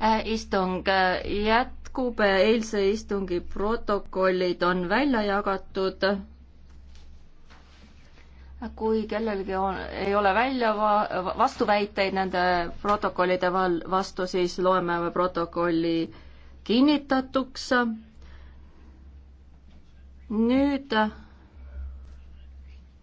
Äh, istung äh, jätkub, eilse istungi protokollid on välja jagatud. kui kellelgi on, ei ole välja va-, vastuväiteid nende protokollide val-, vastu, siis loeme protokolli kinnitatuks. nüüd